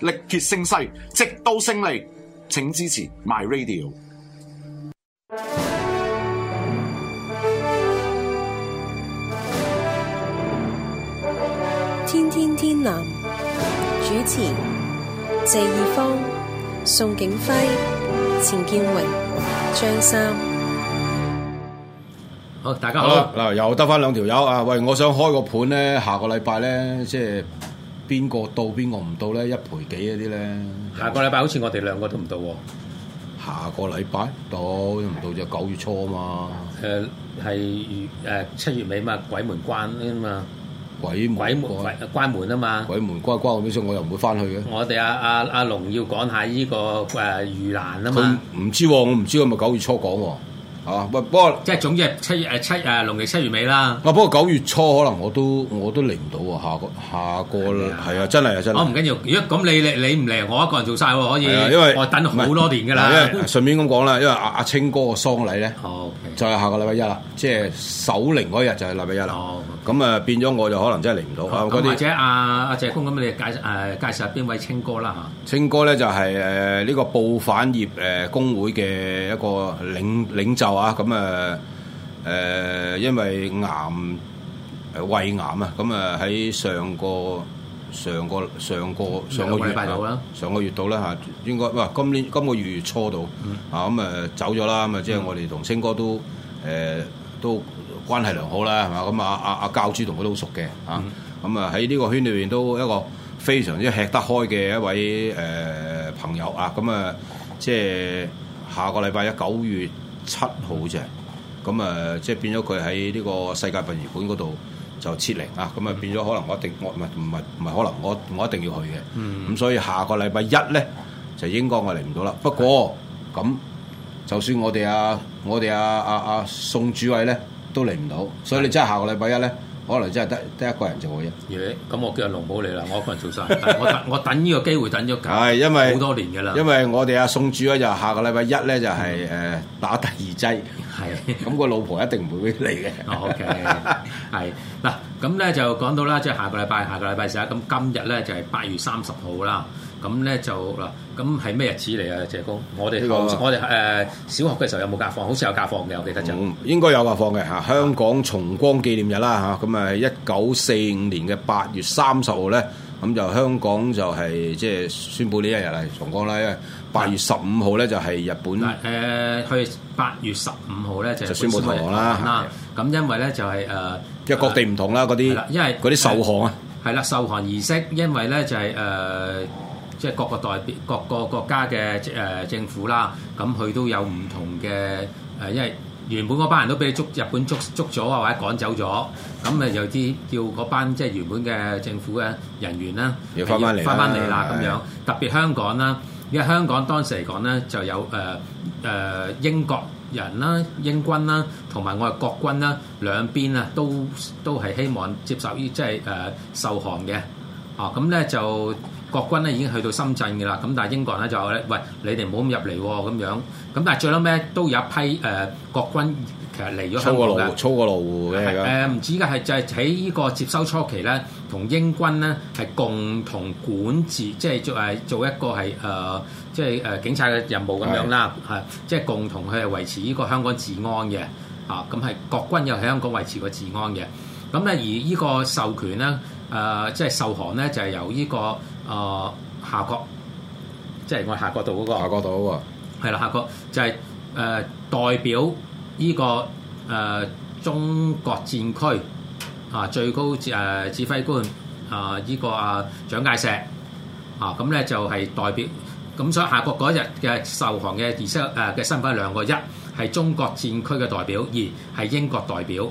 力竭聲勢，直到勝利。請支持 My Radio。天天天藍主持：謝義方、宋景輝、錢建榮、張三。好，大家好啦，Hello，又得翻兩條友啊！喂，我想開個盤咧，下個禮拜咧，即係。邊個到邊個唔到咧？一賠幾嗰啲咧？下個禮拜好似我哋兩個都唔到喎、啊。下個禮拜到唔到就九月初啊嘛。係、呃呃、七月尾嘛，鬼門關啫嘛。鬼鬼門關，關門啊嘛。鬼門關關唔出我，我又唔會翻去嘅。我哋阿阿阿龍要講下呢、呢個誒遇難啊嘛。佢唔知喎、啊，我唔知佢咪九月初講喎、啊。啊，不過即係總之七月誒七誒農曆七月尾啦。啊，不過九月初可能我都我都嚟唔到啊，下個下個係啊，真係啊真係。哦唔緊要，如果咁你嚟你唔嚟，我一個人做晒喎，可以。因為我等好多年㗎啦。順順便咁講啦，因為阿阿、啊、清哥嘅喪禮咧，okay. 就係下個禮拜一啦，即係守靈嗰日就係、是、禮拜一啦。咁、okay. 啊變咗我就可能真係嚟唔到啊。或者阿阿謝工咁你介誒介紹下邊位清哥啦嚇清哥咧就係誒呢個報反業誒工會嘅一個領領袖。咁、嗯、啊，誒、嗯，因為癌誒胃癌啊，咁啊喺上個上個上個上個月啊，上個月度啦嚇，應該哇、啊、今年今個月初度，啊咁啊，走咗啦，咁啊即係我哋同星哥都誒、呃、都關係良好啦，係嘛，咁啊啊啊教主同佢都好熟嘅啊，咁啊喺呢個圈裏邊都一個非常之吃得開嘅一位誒、呃、朋友啊，咁、嗯、啊即係下個禮拜一九月。七號啫，咁啊，即係變咗佢喺呢個世界殯儀館嗰度就撤離啊，咁啊變咗可能我一定我唔係唔係唔係可能我我一定要去嘅。咁、嗯、所以下個禮拜一咧就應該我嚟唔到啦。不過咁就算我哋啊我哋啊啊啊宋主委咧都嚟唔到，所以你真係下個禮拜一咧。可能真係得得一個人做嘅，咁我叫日龍寶你啦，我一個人做晒。我 我等呢個機會等咗久，係因為好多年嘅啦。因為我哋阿宋主咧就下個禮拜一咧就係誒打第二劑，係咁個老婆一定唔會俾你嘅、 okay。OK，係。嗱，咁咧就講到啦，即係下個禮拜，下個禮拜四。啊，咁今日咧就係八月三十號啦。咁咧就嗱，咁係咩日子嚟啊？謝哥，我哋、呢個、我哋誒、呃、小學嘅時候有冇假放？好似有假放嘅，我記得就、嗯、應該有假放嘅嚇。啊、香港重光紀念日啦嚇，咁啊一九四五年嘅八月三十號咧，咁就香港就係即係宣布呢一日係重光啦，因為八月十五號咧就係日本誒、呃、去八月十五號咧就宣布投降啦。嗱，咁因為咧就係誒即係各地唔同啦，嗰啲因為嗰啲受降啊，係啦、呃，受降儀式，因為咧就係、是、誒。呃即係各個代表、各個國家嘅政府啦，咁佢都有唔同嘅呃，因為原本嗰班人都俾捉日本捉捉咗啊，或者趕走咗，咁咪有啲叫嗰班即係原本嘅政府嘅人員啦，要翻翻嚟，翻翻嚟啦咁樣。特別香港啦，因為香港當時嚟講咧，就有、呃、英國人啦、英軍啦，同埋我哋國軍啦，兩邊啊都都係希望接受於即係受降嘅。啊、哦，咁咧就。國軍咧已經去到深圳嘅啦，咁但係英國人咧就話咧，喂，你哋唔好咁入嚟喎，咁樣，咁但係最後尾都有一批誒、呃、國軍，其實嚟咗香港啦，粗過羅湖，粗過羅湖嘅而家，誒唔、嗯、止嘅係就係喺呢個接收初期咧，同英軍咧係共同管治，即係做係做一個係誒，即係誒警察嘅任務咁樣啦，係即係共同去維持呢個香港治安嘅，啊，咁係國軍又喺香港維持個治安嘅，咁咧而呢個授權咧，誒即係授航咧就係、是就是、由呢、呢個。啊、就是，夏慤、那個，即係我夏慤道嗰個夏慤道喎，係啦，夏慤就係、是、誒、呃、代表呢、這個誒、呃、中國戰區啊最高誒指揮官啊呢、這個啊蔣介石啊咁咧就係代表，咁所以夏慤嗰日嘅受降嘅儀式誒嘅身份兩個，一係中國戰區嘅代表，二係英國代表。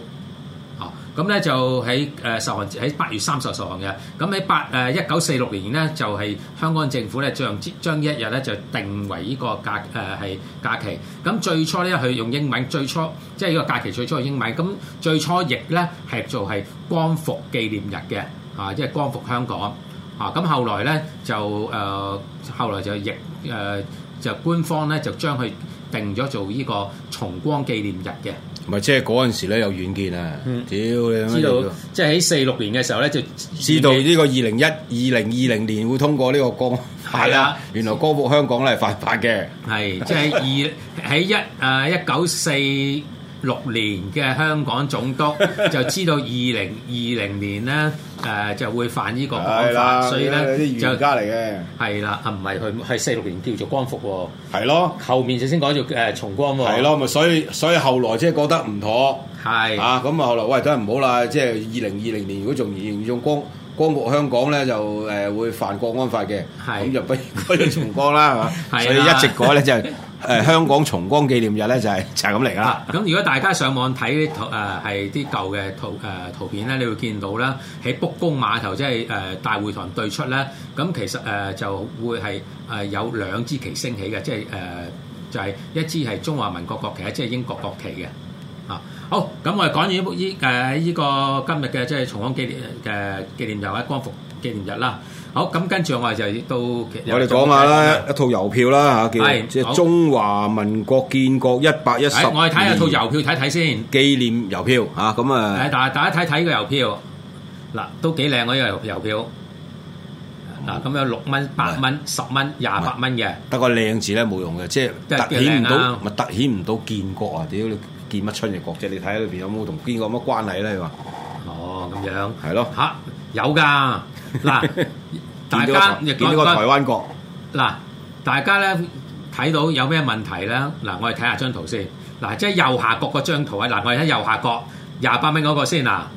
咁咧就喺誒受降喺八月三十號受降嘅。咁喺八誒一九四六年咧，就係、是、香港政府咧將將一日咧就定為呢個假、呃、假期。咁最初咧佢用英文，最初即係呢個假期最初用英文。咁最初譯咧係做係光復紀念日嘅，啊即係、就是、光復香港。啊咁後來咧就誒、呃、後來就亦誒、呃、就官方咧就將佢定咗做呢個重光紀念日嘅。咪即係嗰陣時咧有遠見啊，屌、嗯！你知道即係喺四六年嘅時候咧，就知道呢個二零一二零二零年會通過呢個歌，係啦、啊， 原來光復香港咧係犯法嘅，係 即係二喺 一啊、呃、一九四。六年嘅香港總督就知道二零二零年咧、 呃、就會犯呢個國安法，所以咧就家嚟嘅係啦，啊唔係佢係四六年叫做光復喎、啊，係咯，後面就先講咗、呃、重光喎、啊，係咯，所以所以，所以後來即係覺得唔妥，係啊咁啊後來喂梗係唔好啦，即係二零二零年如果仲沿用光光復香港咧就誒、呃、會犯國安法嘅，咁就不如改咗重光啦，係 嘛，所以一直改咧就係。 香港重光紀念日咧就係、是、就係咁嚟啦。咁、啊、如果大家上網睇啲、啊、舊嘅圖、啊、圖片咧，你會見到啦，喺卜公碼頭即係、就是、大會堂對出咧，咁其實誒、啊、就會係、啊、有兩支旗升起嘅，即係就是啊就是、一支係中華民國國旗，即、啊、係、就是、英國國旗嘅。啊，好，咁我哋講完依誒、啊這個今日嘅即係重光紀念嘅紀念日光復紀念日啦。啊好，咁跟住我哋就到。我哋講下啦，一套郵票啦嚇，叫即係中華民國建國一百一十。我哋睇下套郵票睇睇先。紀念郵票嚇，咁、啊、誒。誒，大家睇睇個郵票，嗱都幾靚呢個郵郵票。嗱，咁有六蚊、八蚊、十蚊、廿八蚊嘅。得個靚字咧冇用嘅，即係特顯唔到，咪特、啊、顯唔到建國啊！屌，建乜春嘅國啫？你睇下裏邊有冇同建國有乜關係咧？你話。哦，咁樣。係咯。嚇！有噶，嗱， 大家見到個台灣國。嗱，大家咧睇到有咩問題咧？嗱，我哋睇下張圖先。嗱，即係右下角嗰張圖啊！嗱，我哋喺右下角廿八蚊嗰個先啊！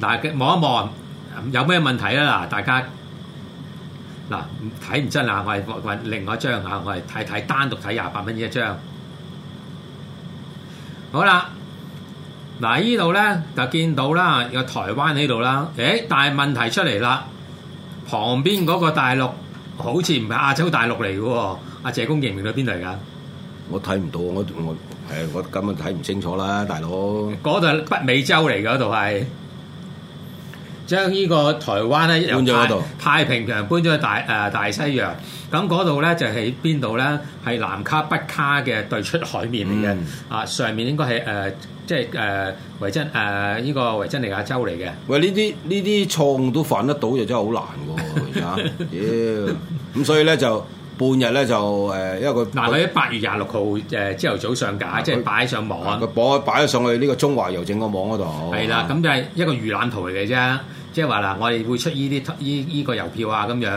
嗱，望一望有咩問題咧？嗱，大家嗱睇唔真啊！我哋揾另外一張啊！我哋睇睇單獨睇廿八蚊呢一張。好啦。嗱，呢度咧就見到啦，有台灣喺度啦。誒，但係問題出嚟啦，旁邊嗰個大陸好似唔係亞洲大陸嚟嘅喎。阿謝公認唔認得邊度嚟㗎？我睇唔到，我我我根本睇唔清楚啦，大佬。嗰度係北美洲嚟㗎，嗰度係。將呢個台灣咧搬咗嗰度，太平洋搬咗去大、呃、大西洋，咁嗰度咧就喺邊度咧？係南卡北卡嘅對出海面嚟嘅，嗯，啊上面應該係誒即係誒維珍誒呢、呃這個維珍尼亞州嚟嘅。喂，呢啲呢啲錯誤都犯得到就、啊， 就真係好難喎。而家，咁所以咧就半日咧就誒，因為佢嗱佢喺八月廿六號誒朝頭早上，上架，即係擺上網，佢擺咗上去呢個中華郵政個網嗰度。係、哦、啦，咁就係一個預覽圖嚟嘅啫。即係話啦，我哋會出呢啲呢呢個郵票啊咁樣，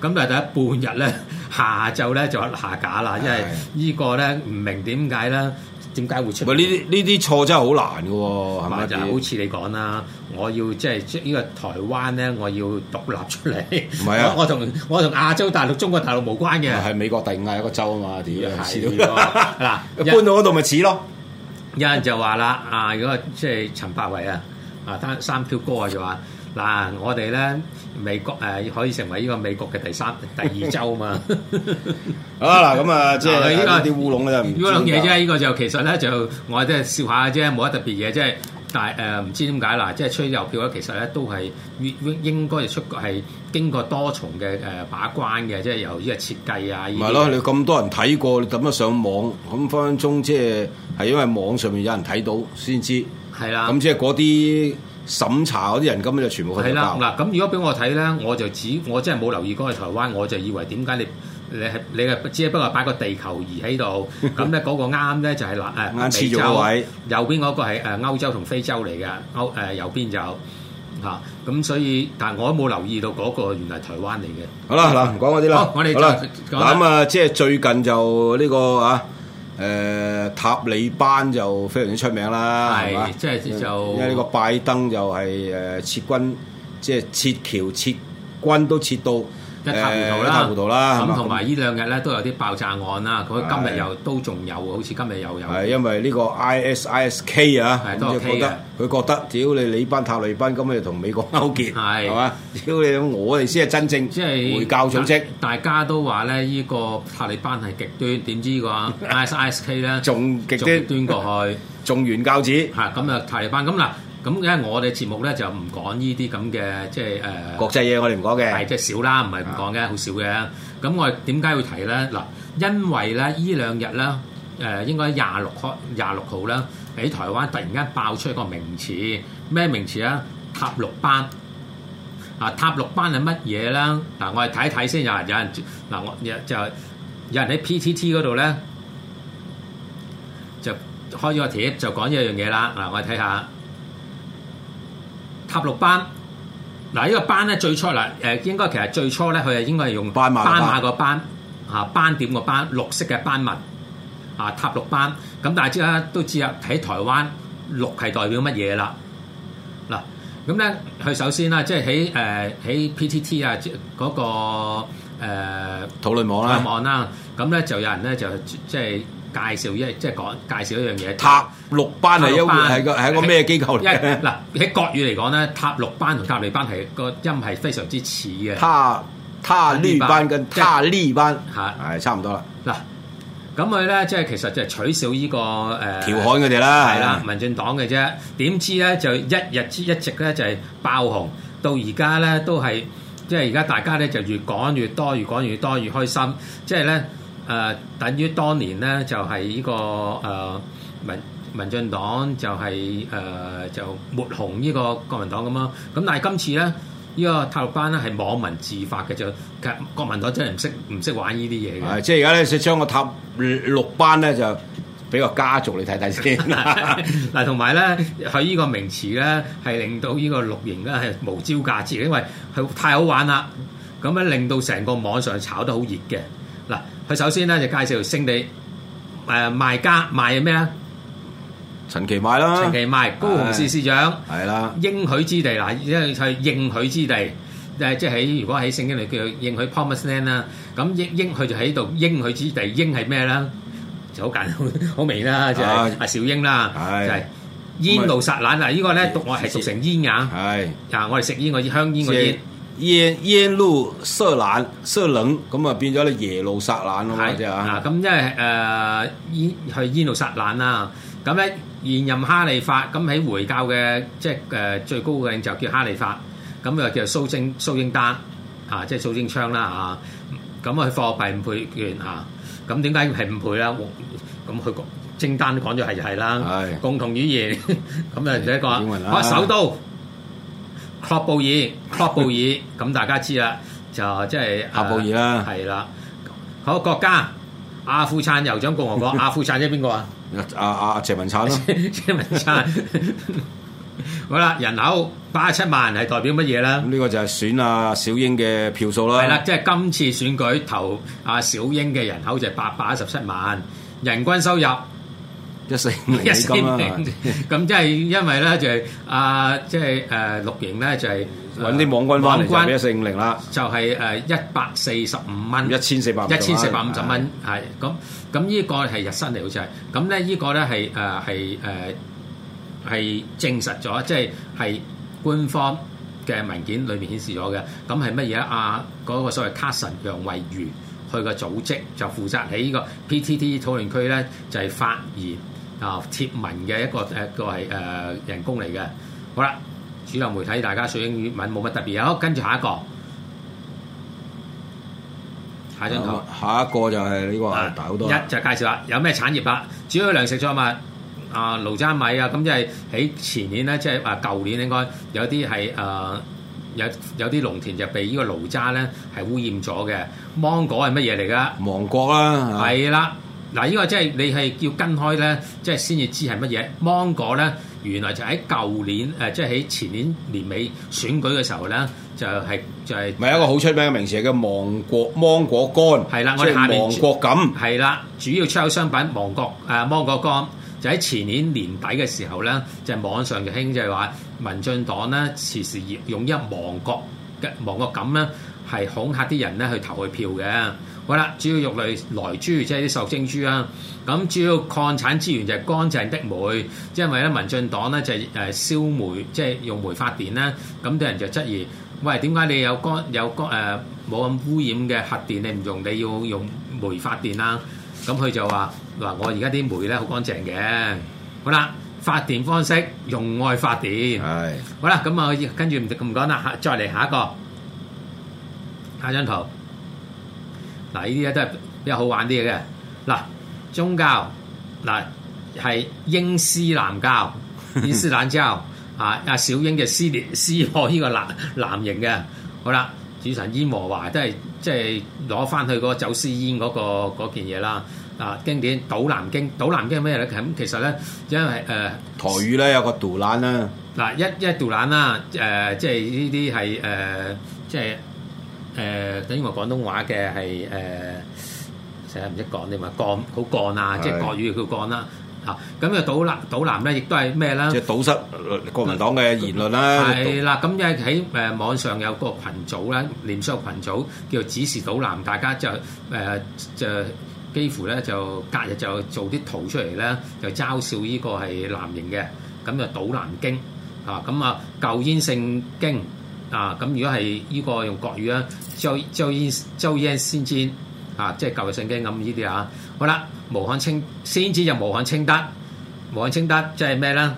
咁但係第一半日咧，下晝咧就下架啦，因為呢個咧唔明點解咧，點解會出？呢啲呢啲錯真係好難嘅，係、嗯、咪就好、是、似你講啦？我要即係呢個台灣咧，我要獨立出嚟。唔係啊，我同我同亞洲大陸、中國大陸冇關嘅。係美國第五十一個州啊嘛，點樣！係嗱 、啊，搬到嗰度咪似咯？有人就話啦，啊，如果即係、就是、陳柏惟啊，啊三三票哥啊，就話。嗱、啊，我哋咧美國誒、呃、可以成為呢個美國嘅第三、第二州啊嘛 、嗯 好！啊嗱，咁、嗯、啊即係依家啲烏龍咧，烏龍嘢啫，呢、這個就其實咧就我即係笑下啫，冇乜特別嘢，即係但誒唔知點解嗱，即係出郵票咧，其實咧、呃啊、都係應該應該係出係經過多重嘅誒、呃、把關嘅，即係由依個設計啊。咪咯，你咁多人睇過，你撳得上網，咁分分鐘即係係因為網上面有人睇到先知，係啦，咁即係嗰啲。審查嗰啲人根本就全部係啦嗱，咁如果俾我睇咧，我就只我真係冇留意嗰個台灣，我就以為點解你你係你係只不過擺個地球儀喺度，咁咧嗰個啱咧就係南誒美洲，右邊嗰個係誒歐洲同非洲嚟嘅，歐誒、呃、右邊就嚇，咁、啊、所以但係我都冇留意到嗰個原來台灣嚟嘅。好啦，嗱唔講嗰啲啦，好，我哋好咁啊，即係最近就呢、呢個啊。誒、呃、塔利班就非常之出名啦，係即係就因為呢個拜登就係誒撤軍，即係撤僑、撤軍都撤到。一塌糊塗啦，咁同埋呢兩日咧都有啲爆炸案啦，佢今日又都仲有，好似今日又有。係因為呢個 ISISK 啊，佢覺得佢覺得屌你，你班塔利班今日同美國勾結，係嘛？屌你，我哋先係真正即係回教組織。大家都話咧，呢個塔利班係極端，點知呢個 ISISK 咧仲極端過去，仲原教旨。係咁啊，就塔利班咁嗱。咁因為我哋節目咧就唔講呢啲咁嘅，即係誒國際嘢我哋唔講嘅，係即係少啦，唔係唔講嘅，好少嘅。咁我哋點解要提咧？嗱，因為咧依兩日咧，誒應該廿六號廿六號咧，喺台灣突然間爆出一個名詞，咩名詞啊？塔綠班啊，塔綠班係乜嘢啦？嗱，我哋睇一睇先，有人有人嗱我就有人喺 PTT 嗰度咧就開咗個帖，就講一樣嘢啦。嗱，我哋睇下。塔綠班，嗱，呢個班咧最初嗱，誒，應該其實最初咧，佢係應該係用斑馬斑馬個斑啊，斑點個斑，綠色嘅斑紋啊，塔綠斑。咁大家而家都知啦，喺台灣綠係代表乜嘢啦？嗱，咁咧佢首先啦、那個，即係喺誒喺 P T T 啊，嗰個誒討論網啦，咁咧就有人咧就即係。就是介紹一即係講介紹一樣嘢，塔綠班係一係個係個咩機構咧？嗱喺國語嚟講咧，塔綠班同塔利班係個音係非常之似嘅。塔塔綠班跟塔利班、就是、塔利班塔呢班嚇係差唔多啦。嗱咁佢咧即係其實就係取笑呢、這個誒調侃佢哋啦，係啦，民進黨嘅啫。點知咧就一日之一直咧就係爆紅，到而家咧都係即係而家大家咧就越講越多，越講越多，越，越，多，越，越，多越開心，即係咧。誒、呃、等於當年咧，就係、是、呢、這個誒、呃、民民進黨就係、是、誒、呃、就抹紅呢個國民黨咁咯。咁但係今次咧，這個、泰呢個塔綠班咧係網民自發嘅，就其實國民黨真係唔識唔識玩呢啲嘢嘅。即係而家咧，想將個塔綠班咧就俾個家族你睇睇先。嗱， 同埋咧，佢呢個名詞咧係令到呢個綠營咧係無招架之，因為佢太好玩啦。咁樣令到成個網上炒得好熱嘅嗱。啊佢首先咧就介紹聖地，誒賣家賣咩啊？陳其邁啦。陳其邁高雄市市長。係啦。應許之地嗱，因為係應許之地，誒即係如果喺聖經裏叫做應許 Promised Land 啦，咁應應佢就喺度應許之地應係咩啦？就好簡單好明啦，就係阿小英啦，就係煙路撒冷嗱，呢個咧讀我係讀成煙啊，啊我哋食煙啲香煙啲煙。耶耶路撒冷，撒冷咁啊變咗你耶路撒冷咯嘛，即係啊咁即係誒耶係耶路撒冷啊，咁咧現任哈里發咁喺回教嘅即係誒最高嘅就叫哈里發，咁又叫蘇貞蘇貞丹吓，即係蘇貞昌啦吓，咁啊貨幣五倍券吓，咁點解係五倍啦？咁佢講貞丹講咗係就係啦，共同語言咁啊第一個啊，啊首都。喀布爾，喀布爾咁大家知啦，就即係喀布爾啦，係啦。好國家，阿富汗酋長共和國， 阿富汗即係邊個啊？阿阿謝文產咯，謝文產、啊。文 好啦，人口八十七萬，係代表乜嘢咧？呢個就係選阿小英嘅票數啦。係啦，即係今次選舉投阿小英嘅人口就係八百一十七萬，人均收入。一四五零咁即係因為咧，就係阿即係誒綠營，咧就係搵啲網軍翻嚟就俾一四五零啦，就係誒一百四十五蚊，一千四百，一千四百五十蚊係咁。咁呢個係日薪嚟，好似係咁咧，呢個咧係誒係誒係證實咗，即係係官方嘅文件裏面顯示咗嘅，咁係乜嘢啊？嗰、那個所謂卡神楊蕙如，佢個組織就負責喺呢個 PTT 討論區咧就係、是、發言。啊、哦！貼文嘅一個誒一個係、呃、人工嚟嘅，好啦，主流媒體大家説英語文冇乜特別，好跟住下一個，下張圖、嗯、下一個就係呢、這個、啊、大好多，一就介紹啦，有咩產業啊？主要糧食作物，啊，爐渣米啊，咁即係喺前年咧，即係話舊年應該有啲係誒有有啲農田就被這個爐渣呢個爐渣咧係污染咗嘅。芒果係乜嘢嚟㗎？芒果啦，係啦。嗱、這個就是，呢個即係你係要跟開咧，即係先至知係乜嘢。芒果咧，原來就喺舊年誒，即係喺前年年尾選舉嘅時候咧，就係、是、就係、是、咪一個好出名嘅名詞？叫芒果芒果乾，係啦，我哋下面芒果感係啦，主要出口商品芒果誒、啊、芒果乾，就喺前年年底嘅時候咧，就是、網上嘅興就係話民進黨咧，時時用一芒果嘅芒果感咧，係恐嚇啲人咧去投佢票嘅。好啦，主要肉類萊豬即係啲瘦精豬啊，咁主要礦產資源就係乾淨的煤，因為咧民進黨咧就係誒燒煤，即係用煤發電啦，咁啲人就質疑，喂點解你有乾有冇咁、呃、污染嘅核電你唔用，你要用煤發電啦？咁佢就話：嗱，我而家啲煤咧好乾淨嘅。好啦，發電方式用愛發電。係。好啦，咁啊跟住唔講啦，吓再嚟下一個，下張圖。嗱、啊，呢啲咧都係比較好玩啲嘅。嗱、啊，宗教嗱係、啊、英斯南教，伊斯蘭教 啊，阿小英嘅撕裂撕破呢個男男型嘅，好啦，主神耶和華都係即係攞翻去個個走私煙嗰、那個嗰件嘢啦。啊，經典島南京，島南京係咩咧？咁其實咧，因為誒、呃、台語咧有個賭卵啦。嗱、啊，一一賭卵啦、啊，即係呢啲係即係。就是誒，等於我廣東話嘅係誒，成日唔知講點啊，講好講啊，即係國語叫講啦嚇。咁啊，堵藍堵藍咧，亦都係咩啦？即係堵塞國民黨嘅言論啦。係啦，咁因為喺誒網上有個羣組咧，連鎖羣組叫做只是堵藍，大家就誒就幾乎咧就隔日就做啲圖出嚟咧，就嘲笑呢個係藍營嘅，咁就堵藍經嚇，咁啊舊煙聖經。啊，咁如果係呢個用國語咧周 o Joan 先知啊，即係舊嘅聖經咁呢啲啊，好啦，無漢清先知就無漢清德，無漢清德即係咩咧？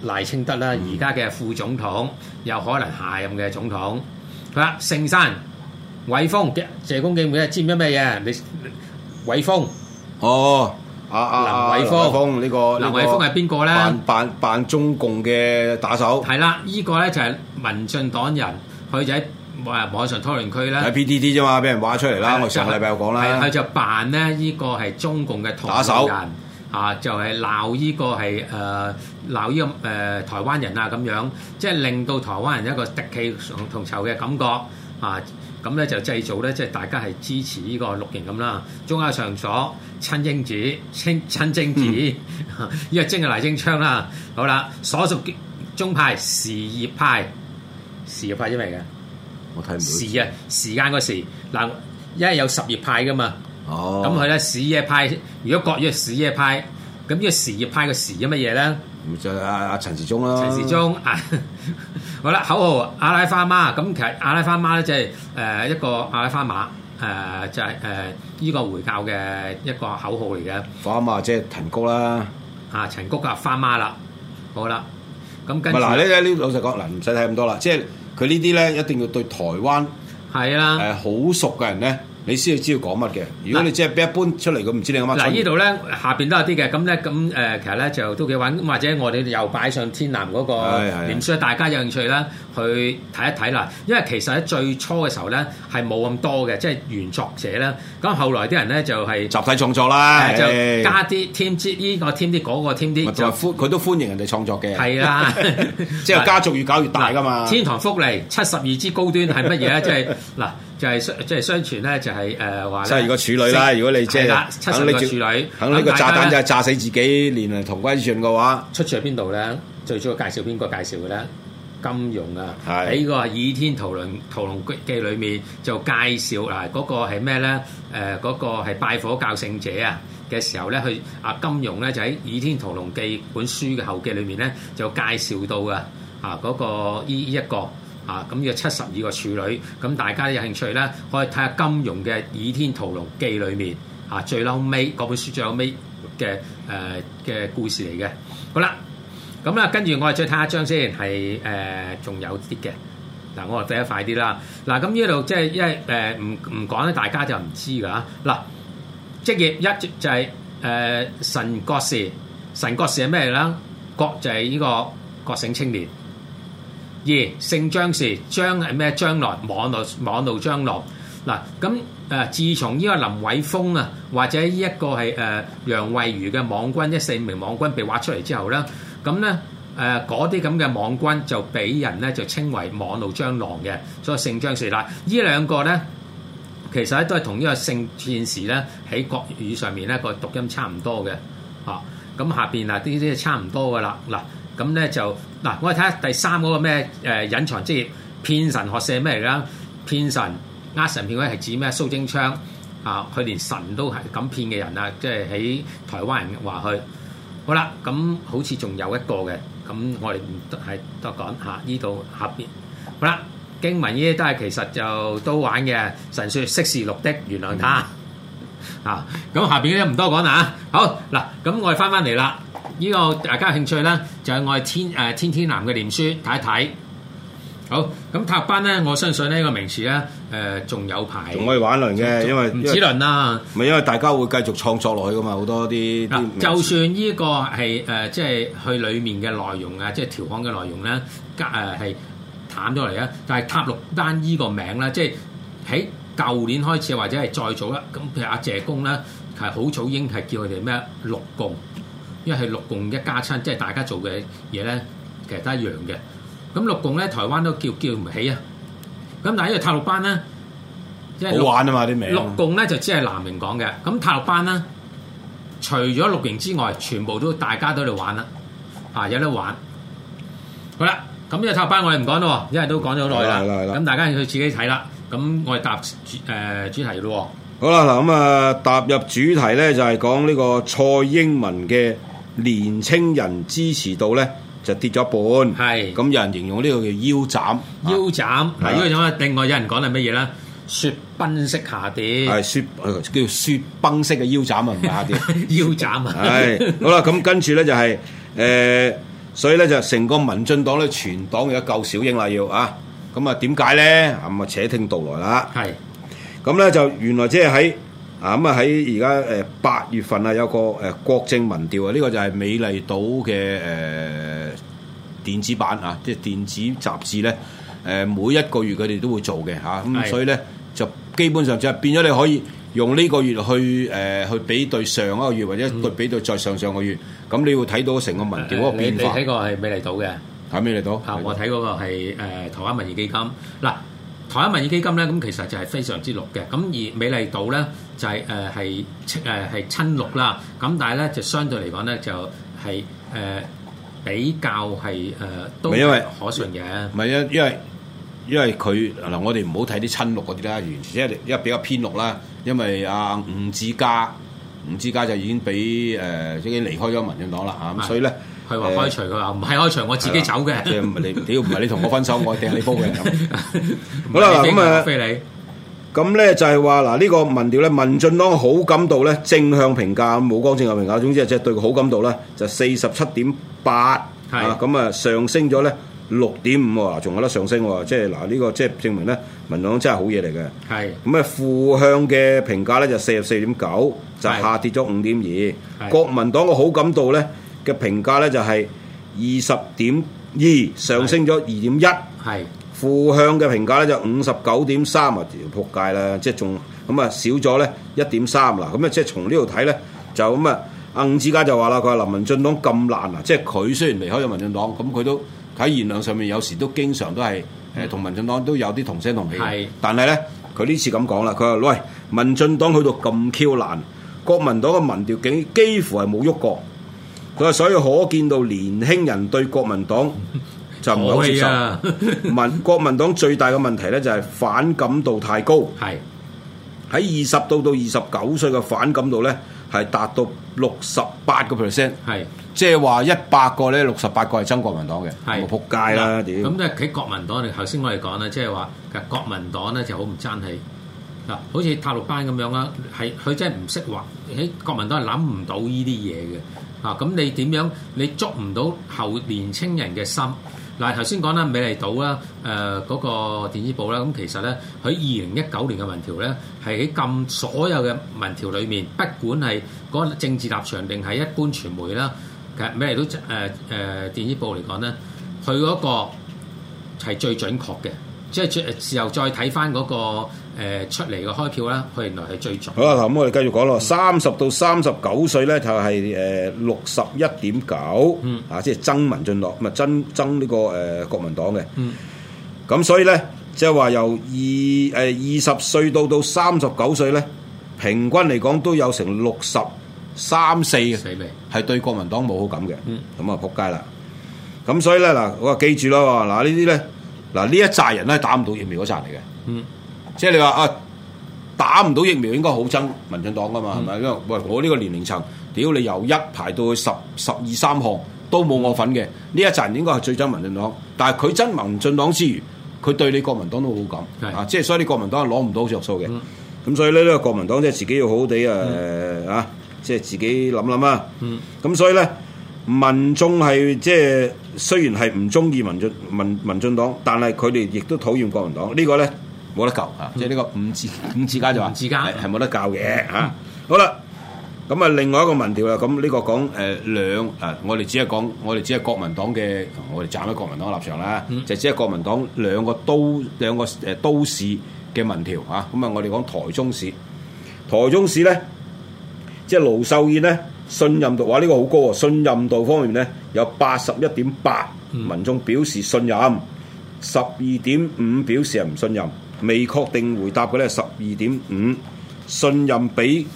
賴清德啦，而家嘅副總統、嗯，有可能下任嘅總統，好啦，聖山偉峰謝公敬會，知唔知咩嘢？你偉峰。哦。阿、啊、阿、啊、林偉峰，林峰、這個這個、林峰呢個林偉峰係邊個咧？扮中共嘅打手係啦，呢、這個咧就係民進黨人，佢就喺誒網上討論區咧喺 PTT 啫嘛，俾人話出嚟啦。我上個禮拜有講啦，佢就扮咧依、這個係中共嘅打手人啊，就係鬧呢個係誒鬧個個誒、呃呃、台灣人啊，咁樣即係、就是、令到台灣人一個敵愾同仇嘅感覺啊。咁咧就製造咧，即係大家係支持呢個綠營咁啦。中亞上所親英子、親親英子，呢個精係賴貞昌啦。好啦，所屬中派、時業派、時業派因咩嘅？我睇唔到時啊，時間個時嗱，因為有十業派㗎嘛。哦，咁佢咧時業派，如果割咗時業派，咁呢個時業派個時嘅乜嘢咧？就阿、是、阿陳時中啦。陳時中、啊，好啦，口號阿拉花媽咁，其實阿拉花媽咧即係誒一個阿拉花馬誒，就係誒依個回教嘅一個口號嚟嘅。花媽即係陳菊啦，嚇、啊、陳菊啊，花媽啦，好啦，咁跟住嗱呢啲老實講嗱，唔使睇咁多啦，即係佢呢啲咧一定要對台灣係啊，誒好、呃、熟嘅人咧。你先要知道講乜嘅，如果你即係俾一般出嚟，咁、啊、唔知你阿媽，媽。嗱、啊、呢度咧下邊都有啲嘅，咁咧咁誒，其實咧就都幾揾，或者我哋又擺上天南嗰個臉書，大家有興趣咧去睇一睇啦。因為其實喺最初嘅時候咧係冇咁多嘅，即係原作者啦。咁後來啲人咧就係、是、集體創作啦，呃、就加啲添呢個添啲嗰個添啲，就歡佢都歡迎人哋創作嘅。係啦，即 係家族越搞越大噶嘛、啊。天堂福利七十二支高端係乜嘢？即係嗱。就是啊就係相即係相傳咧、就是，就係誒話咧。即係如果處女啦，如果你即、就、係、是、七個處女，呢個炸彈就炸死自己，連同歸順嘅話，出處喺邊度咧？最主要介紹邊個介紹嘅咧？金庸啊，喺呢個《倚天屠龍屠龍記》裏面就介紹嗱嗰、那個係咩咧？誒、呃、嗰、那個係拜火教聖者啊嘅時候咧，佢阿金庸咧就喺《倚天屠龍記》本書嘅後記裏面咧就介紹到嘅啊嗰、那個依依一個。啊，咁呢個七十二個處女，咁大家有興趣咧，可以睇下金庸嘅《倚天屠龍記》裏面，啊最嬲尾嗰本書最後尾嘅誒嘅故事嚟嘅。好啦，咁、啊、啦，跟住我哋再睇下張先，係誒仲有啲嘅。嗱、啊，我話第一快啲啦。嗱、啊，咁呢度即係因為誒唔唔講咧，大家就唔知噶啦。嗱、啊，職業一就係誒神國士，神國士係咩嚟咧？國就係、是、依個國省青年。二姓張氏，張係咩？將來網路網路將來嗱，咁誒、呃，自從呢個林偉峰啊，或者呢一個係誒、呃、楊惠如嘅網軍，一四五名網軍被挖出嚟之後咧，咁咧誒嗰啲咁嘅網軍就俾人咧就稱為網路將狼嘅，所以姓張氏嗱，呢兩個咧其實咧都係同呢個姓戰士咧喺國語上面咧個讀音差唔多嘅，嚇、啊、咁下邊嗱呢啲差唔多噶啦嗱。啊咁咧就嗱，我哋睇下第三嗰個咩，誒隱藏職業騙神學社咩嚟啦？騙神呃神騙鬼啲係指咩？蘇貞昌啊，佢連神都係咁騙嘅人啊，即係喺台灣人話佢好啦。咁好似仲有一個嘅，咁我哋唔得係多講嚇。呢度下邊好啦，經文呢啲都係其實就都玩嘅。神説息事寧的，原諒他，嗯、啊。咁下邊嗰唔多講啦。好嗱，咁我哋翻翻嚟啦。呢、這個大家興趣咧，就係我係天誒、呃、天天藍嘅臉書睇一睇。好，咁塔班咧，我相信呢個名詞咧誒仲有排，仲可以玩輪嘅，因為唔止輪啦。唔因，因為大家會繼續創作落去噶嘛，好多啲、啊。就算呢個係誒即係去裡面嘅內容啊，即係調控嘅內容咧，加誒係、呃、淡咗嚟啊，但係塔六單呢個名咧，即係喺舊年開始或者係再早啦。咁譬如阿謝公咧，係好早已經係叫佢哋咩六共。因為係綠共一家親，即係大家做嘅嘢咧，其實都係一樣嘅。咁綠共咧，台灣都叫叫唔起啊。咁但係因為塔綠班咧，好玩啊嘛，啲名呢。綠共咧就只係南明講嘅。咁塔綠班咧，除咗綠營之外，全部都大家都喺度玩啦。啊，有得玩。好啦，咁呢個塔綠班我哋唔講咯，因為都講咗好耐啦。咁大家要去自己睇啦。咁我哋搭誒主題了咯好了。好啦，嗱咁啊，踏入主題咧就係、是、講呢個蔡英文嘅。年青人支持度咧就跌咗一半，係咁有人形容呢個叫腰斬，腰斬係腰斬啊！另外有人講係乜嘢咧？雪崩式下跌，係雪、呃、叫雪崩式嘅腰斬啊！唔係下跌， 腰斬斬啊！係 好啦，咁跟住咧就係、是、誒、呃，所以咧就成個民進黨咧全黨有救小英啦，要啊咁啊點解咧咁啊？且、啊啊、聽道來啦，係咁咧就原來即係喺。啊咁啊喺而家誒八月份啊有個誒國政民調啊呢、這個就係美麗島嘅誒、呃、電子版啊，即係電子雜誌咧誒、呃、每一個月佢哋都會做嘅，嚇咁所以咧就基本上就係變咗，你可以用呢個月去誒、呃、去比對上一個月或者對比對再上上個月咁，嗯、你要睇到成個民調嗰個變化。你睇過係美麗島嘅係、啊、美麗島啊！我睇嗰個係誒台灣民意基金嗱。啊台灣民意基金咧，咁其實就係非常之綠嘅，咁而美麗島咧就係誒係誒係親綠啦，咁但係咧就相對嚟講咧就係、是、誒、呃、比較係誒都可信嘅。唔係因因為因為佢嗱我哋唔好睇啲親綠嗰啲啦，完全即係因為比較偏綠啦，因為阿吳子嘉、吳子嘉就已經俾誒、呃、已經離開咗民進黨啦嚇，咁所以咧。係話開除佢話唔係開除，我自己走嘅。即係唔係你屌唔係你同我分手，我掟你煲嘅咁。好啦咁啊，咁咧就係話嗱呢個民調咧，民進黨嘅好感度咧正向評價、武光正向評價，總之啊即係對個好感度咧就四十七點八，係啊咁啊上升咗咧六點五喎，仲有得上升喎，即係嗱呢個即係證明咧民黨真係好嘢嚟嘅。係咁啊負向嘅評價咧就四十四點九，就下跌咗五點二。國民黨嘅好感度咧。嘅評價咧就係二十點二，上升咗二點一，係負向嘅評價咧就五十九點三啊，條撲街啦，即係仲咁啊少咗咧一點三啦，咁啊即係從呢度睇咧就咁啊，阿伍志佳就話啦，佢話民進黨咁爛啊，即係佢雖然離開咗民進黨，咁佢都喺言論上面有時都經常都係誒同民進黨都有啲同聲同氣，但係咧佢呢次咁講啦，佢話喂，民進黨去到咁 Q 爛，國民黨嘅民調竟幾乎係冇喐過。佢話所以可見到年輕人對國民黨就唔係好接受。民國民黨最大嘅問題咧就係反感度太高。係喺二十到到二十九歲嘅反感度咧係達到六十八個 percent。係即係話一百個咧六十八個係憎國民黨嘅。係仆街啦屌！咁咧喺國民黨，你頭先我哋講咧，即係話其實國民黨咧就好唔爭氣。嗱，好似塔羅班咁樣啦，係佢真係唔識話，誒國民都係諗唔到呢啲嘢嘅。啊，咁你點樣你捉唔到後年青人嘅心？嗱，頭先講啦，美麗島啦，誒嗰個電子報啦，咁其實咧，佢二零一九年嘅民調咧，係喺咁所有嘅民調裏面，不管係嗰個政治立場定係一般傳媒啦，其實美麗島誒誒電子報嚟講咧，佢嗰個係最準確嘅，即係再由再睇翻嗰個。誒出嚟嘅開票啦，佢原來係最早。好啦，咁我哋繼續講咯。三十到三十九歲咧，就係誒六十一點九，啊，即係增民進落，咁啊增增呢個誒國民黨嘅。咁所以咧，即係話由二誒二十歲到到三十九歲咧，平均嚟講都有成六十三四嘅，係對國民黨冇好感嘅。咁啊，仆街啦！咁所以咧嗱，我記住啦喎，嗱呢啲咧，嗱呢一紮人咧，打唔到疫苗嗰扎嚟嘅。嗯。即係你話啊，打唔到疫苗應該好憎民進黨㗎嘛，係、嗯、咪？因為喂，我呢個年齡層，屌你由一排到去十十二三項都冇我的份嘅，呢一層應該係最憎民進黨。但係佢憎民進黨之餘，佢對你國民黨都好感，啊，即係所以你國民黨係攞唔到着數嘅。咁、嗯、所以咧呢個國民黨即係自己要好好地誒、嗯、啊，即、就、係、是、自己諗諗啊。咁、嗯、所以咧，民眾係即係雖然係唔中意民進民民進黨，但係佢哋亦都討厭國民黨。這個、呢個咧。冇得救、嗯就是嗯嗯嗯、啊！即係呢個五字五字家就話，係冇得救嘅吓。好啦，咁啊另外一個民調啦，咁呢個講誒兩啊，我哋只係講，我哋只係國民黨嘅，我哋站喺國民黨立場啦、嗯，就只、是、係國民黨兩個都兩個誒都市嘅民調啊。咁啊，我哋講台中市，台中市咧，即係盧秀燕咧，信任度話呢、這個好高啊！信任度方面咧有八十一點八，民眾表示信任，十二點五表示唔信任。未確定回答嘅咧，十二點五，信任比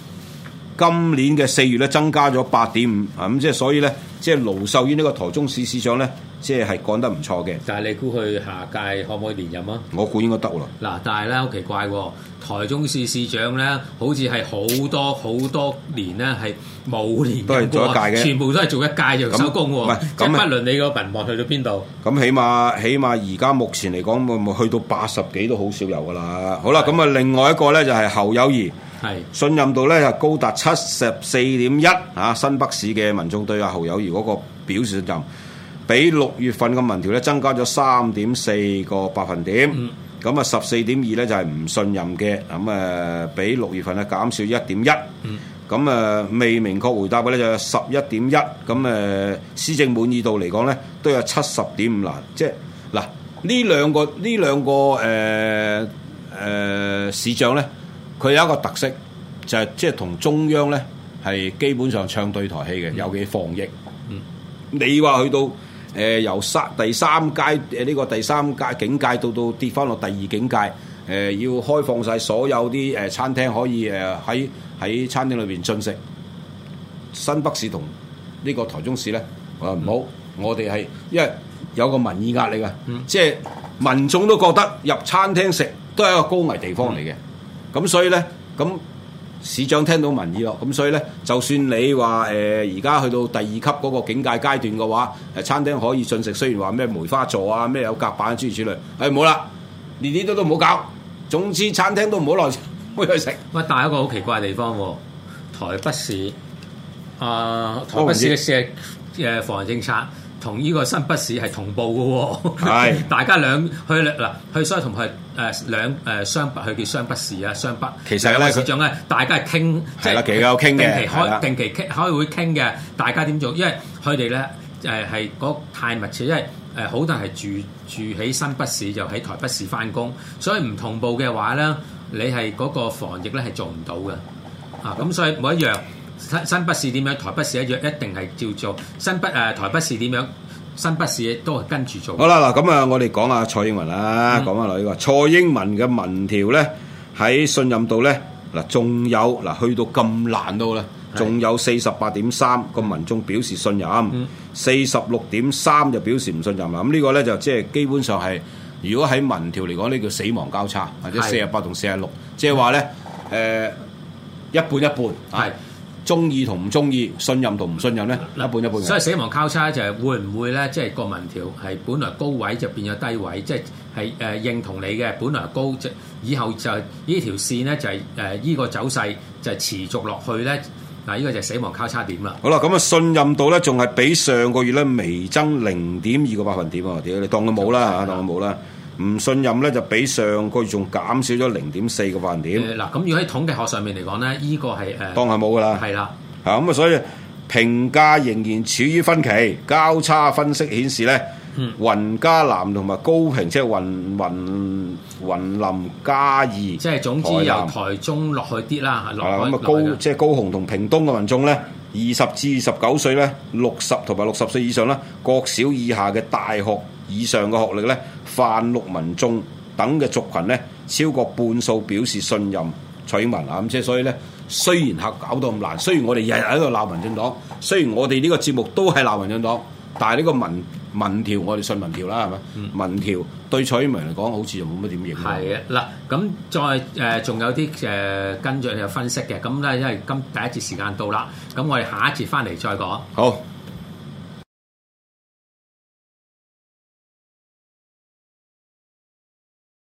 今年嘅四月咧增加咗八點五啊！咁即係所以咧，即係盧秀燕呢個台中市市長咧。即係講得唔錯嘅，但係你估佢下屆可唔可以連任啊？我估應該得喎。嗱，但係咧好奇怪喎、哦，台中市市長咧，好似係好多好多年咧係冇連任都係做一屆嘅，全部都係做一屆就收工喎。不，就是、不論你個民望去到邊度，咁起碼起碼而家目前嚟講，會唔會去到八十幾都好少有㗎啦。好啦，咁啊，另外一個咧就係、是、侯友宜，係信任度咧又高達七十四點一啊！新北市嘅民眾對阿侯友宜嗰個表示信任。比六月份嘅民調咧增加咗三點四個百分點，咁啊十四點二咧就係唔信任嘅，咁誒比六月份咧減少一點一，咁誒未明確回答嘅咧就有十一點一，咁誒施政滿意度嚟講咧都有七十點五啦，即係嗱呢兩個呢兩個誒誒市長咧，佢有一個特色就係即係同中央咧係基本上唱對台戲嘅，尤其防疫，嗯，你話去到。誒、呃、由三第三階誒呢、呃這個第三階境界到到跌翻落第二境界，誒、呃、要開放晒所有啲誒、呃、餐廳可以誒喺喺餐廳裏邊進食。新北市同呢個台中市咧，啊、呃、唔、嗯、好，我哋係因為有個民意壓力啊、嗯，即係民眾都覺得入餐廳食都係一個高危地方嚟嘅，咁、嗯、所以咧咁。嗯市長聽到民意咯，咁所以咧，就算你話誒而家去到第二級嗰個警戒階段嘅話，誒、呃、餐廳可以進食，雖然話咩梅花座啊，咩有隔板、啊、諸如此類，係冇啦，連呢啲都都唔好搞。總之餐廳都唔好來，去食。喂，但係一個好奇怪嘅地方喎、哦，台北市啊、呃，台北市嘅嘅防疫政策。同呢個新北市係同步嘅喎、哦，大家兩去，嗱去所以同佢誒兩誒雙佢叫雙北市啊，雙北。其實咧，大家係傾，即係定期開定期傾可以會傾嘅，大家點做？因為佢哋咧誒係嗰太密切，因為誒好、呃、多人係住住喺新北市，又喺台北市翻工，所以唔同步嘅話咧，你係嗰個防疫咧係做唔到嘅啊！咁所以每一樣。新北市點樣？台北市一樣，一定係叫做新北誒，台北市點樣？新北市都係跟住做。好啦，嗱咁啊，我哋講下蔡英文啦，講翻落呢個蔡英文嘅民調咧，喺信任度咧，嗱仲有嗱去到咁難都啦，仲有四十八點三個民眾表示信任，四十六點三就表示唔信任啦。咁呢個咧就即係基本上係，如果喺民調嚟講，呢叫死亡交叉，或者四十八同四十六，即係話咧誒一半一半係。中意同唔中意，信任同唔信任咧？一半一半。所以死亡交叉就係、是、會唔會咧？即係個民調係本來高位就變咗低位，即係係誒認同你嘅本來高，即以後就呢條線咧就係誒依個走勢就持續落去咧。嗱、啊，呢、這個就係死亡交叉點啦。好啦，咁啊信任度咧仲係比上個月咧微增零點二個百分點喎。屌，你當佢冇啦嚇，當佢冇啦。唔信任咧，就比上個月仲減少咗零點四個百分點。嗱，咁要喺統計學上面嚟講咧，依個係誒當係冇㗎啦。係啦，嚇，咁啊，所以評價仍然處於分歧。交叉分析顯示咧，雲嘉南同埋高屏即係雲雲雲林加二，即係總之由台中落去啲啦，落去。咁啊，高即係高雄同屏東嘅民眾咧，二十至二十九歲咧，六十同埋六十歲以上啦，國小以下嘅大學以上嘅學歷咧，泛綠民眾等嘅族群咧，超過半數表示信任蔡英文啊！咁即係所以咧，雖然係搞到咁難，雖然我哋日日喺度鬧民進黨，雖然我哋呢個節目都係鬧民進黨，但係呢個民民調，我哋信民調啦，係咪？嗯，民調對蔡英文嚟講，好似就冇乜點影響。係嗱，咁再誒，仲有啲誒、呃、跟著又分析嘅，咁咧，因為今第一節時間到啦，咁我哋下一節翻嚟再講。好。